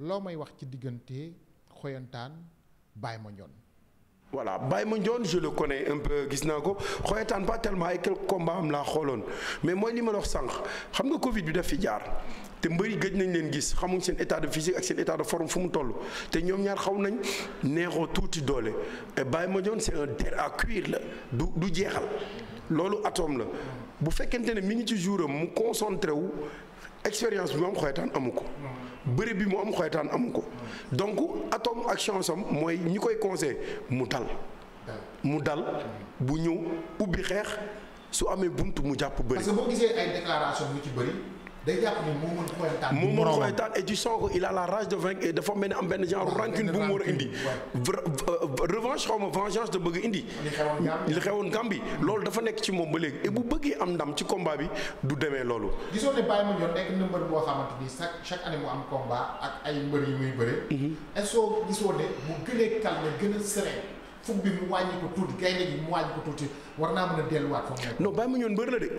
loo may wax ci diggante xoyantaan Baye Mandione voilà Baye Mandione je le connais un peu gis naa ko xoyataan pas tellement ay quelques combats am laa xooloon mais mooy li ma wax sànq xam nga Covid bi daf fi jaar te mbëri gëj nañ leen gis xamuñ seen état de physique ak seen état de forme fu mu toll te ñoom ñaar xaw nañ neexoo tuuti doole et ma joon c'est un der à cuire la du du jeexal loolu atome la bu fekkente ne mi ngi ci jour am mu concentré wu expérience bi mu am xoyataan amu ko. bëri bi mu am xoytaan amu ko donc atom ak chance am mooy ñi koy conseil mu dal mu dal bu ñëw ubbi xeex su amee bunt mu jàpp bëri parce que boo gisee ay déclaration yu ci bëri day jàpp ne moo mën xoyantaan. moo mën xoyantaan et tu sens que il a la rage de vaincre et dafa mel ni am benn genre rancune bu mu war a indi. Euh, revanche xaw ma vengeance da bëgg indi. li xewoon Gambie loolu dafa nekk ci moom ba léegi et bu bëggee am ndam ci combat bi du demee loolu. gisoo ne Baye Mandione nekk na mbër boo xamante ni chaque chaque année mu am combat ak ay mbër yu muy bëre. Mhm. est-ce que gisoo ne mu gënee calme gën a serein. fukk bi mu wàññi ko tuuti gaynde gi delluwaat foofu nekk. ma ñoon mbër la de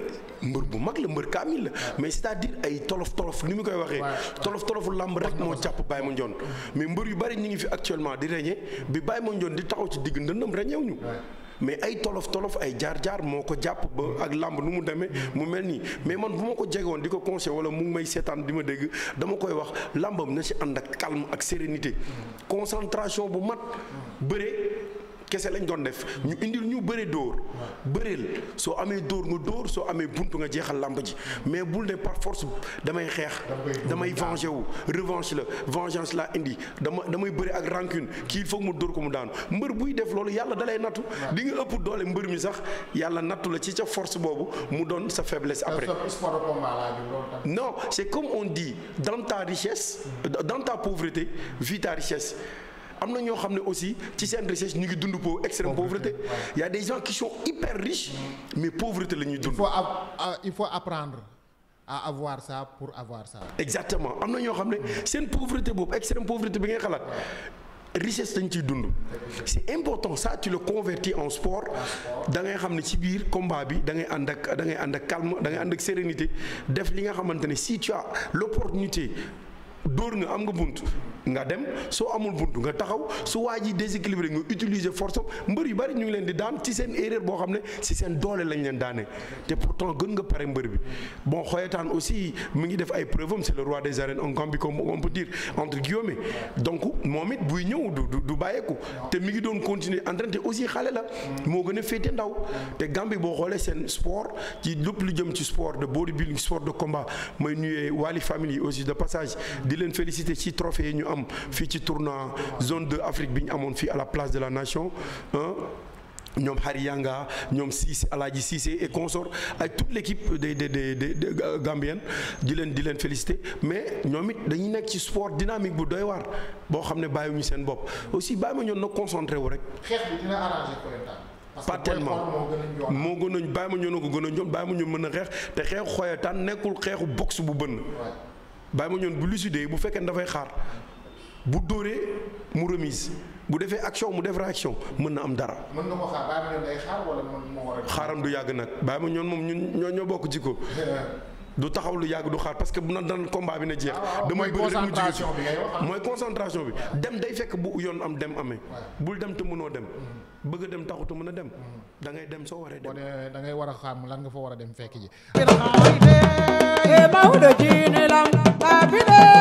mbër bu mag la mbër kaamil la mais c'est-à-dire ay tolof tolof ni mu koy waxee. tolof tolofu làmb rek moo jàpp bàyyi ma ñoon mais mbër yu bari ñu ngi fi actuellement di reñe bi bàyyi ma ñoon di taxaw ci digg ndëndam reñewuñu mais ay tolof tolof ay jaar jaar moo ko jàpp ba mm-hmm. ak làmb nu mu demee mm-hmm. mu mel nii mais man bu ma ko jege woon di ko conseil wala mu ngi may seetaan di ma dégg dama koy wax làmbam na si ànd ak calme ak sérénité mm-hmm. concentration bu mat kese lañ doon def ñu indil ñu bëri dóor bëreel soo amee dóor nga dóor soo amee buntu nga jeexal làmb ji mais bul ne par force damay xeex damay venger wu revanche la vengeance laa indi dama damay bëri ak rancune kii foog mu dóor ko mu daanu mbër buy def loolu yàlla dalay nattu di nga ëpp doole mbër mi sax yàlla nattu la ci ca force boobu mu doon sa faiblesse après euh, non c'est comme on dit dans ta richesse dans ta pauvreté vita ta richesse am na ñoo xam ne aussi ci seen recherche ñu ngi dund pauvre extrême pauvreté y a des gens qui sont hyper riches mais pauvreté la ñuy dund. Euh, il faut faut apprendre. à avoir ça pour avoir ça. exactement am na ñoo xam ne seen pauvreté boobu extrême pauvreté bi ngay xalaat richesse dañ ciy dund. c'est important ça tu le convertis en sport da ngay xam ne ci biir combat bi da ngay ànd ak da ngay ànd ak calme da ngay ànd ak sérénité def li nga xamante ne si tu as l'opportunité dóor nga am nga bunt. nga dem soo amul bunt nga taxaw su waa ji déséquilibré nga utiliser force mbër yu bari ñu ngi leen di daan ci seen erreur boo xam ne ci seen doole lañ leen daanee te pourtant gën nga pare mbër bi bon xoyataan aussi mu ngi def ay preuve am c'est le roi des arènes en Gambie comme entre guillemets donc moom it buy ñëw du bàyyeeku te mi ngi doon continuer entraîner te aussi xale la moo gën a féete ndaw te Gambie boo xoolee seen sport ci lépp lu jëm ci sport de bodybuilding sport de combat may nuyee Wally famille yi aussi de passage am fii ci tournoi zone de Afrique bi ñu amoon fii à la place de la nation ñoom Hari Yanga ñoom Cissé Alaaji Cissé et consort ak toute l' équipe des des des des di leen di leen félicité mais ñoom it dañuy nekk ci sport dynamique bu doy waar boo xam ne bàyyiwuñu seen bopp aussi bàyyi ma ñoon na concentré wu rek. xeex bi dina arrangé pas tellement moo gën a bàyyi ma ñoon na a ñoom bàyyi ma ñoon mën a xeex te xeexu xoyataan nekkul xeexu box bu bënn. bàyyi ma ñoon bu lucidé bu fekkee dafay xaar bu dóoree mu remise bu defee action mu def réaction mën na am dara. mën na ko xaar bàyyi ma day xaaram du yàgg nag bàyyi ma ñoon moom ñun ñoo ñoo bokk ko du taxaw lu yàgg du xaar parce que bu na daan combat bi na jeex. Ah, damay bëri rek mu jiitu ah. mooy concentration bi ah. dem day fekk bu yoon am dem amee. bul dem te mënoo dem. Mm-hmm. bëgg a dem taxutu mën a dem. Mm-hmm. da ngay dem soo waree dem. da ngay a xam lan nga fa war a dem fekk ji.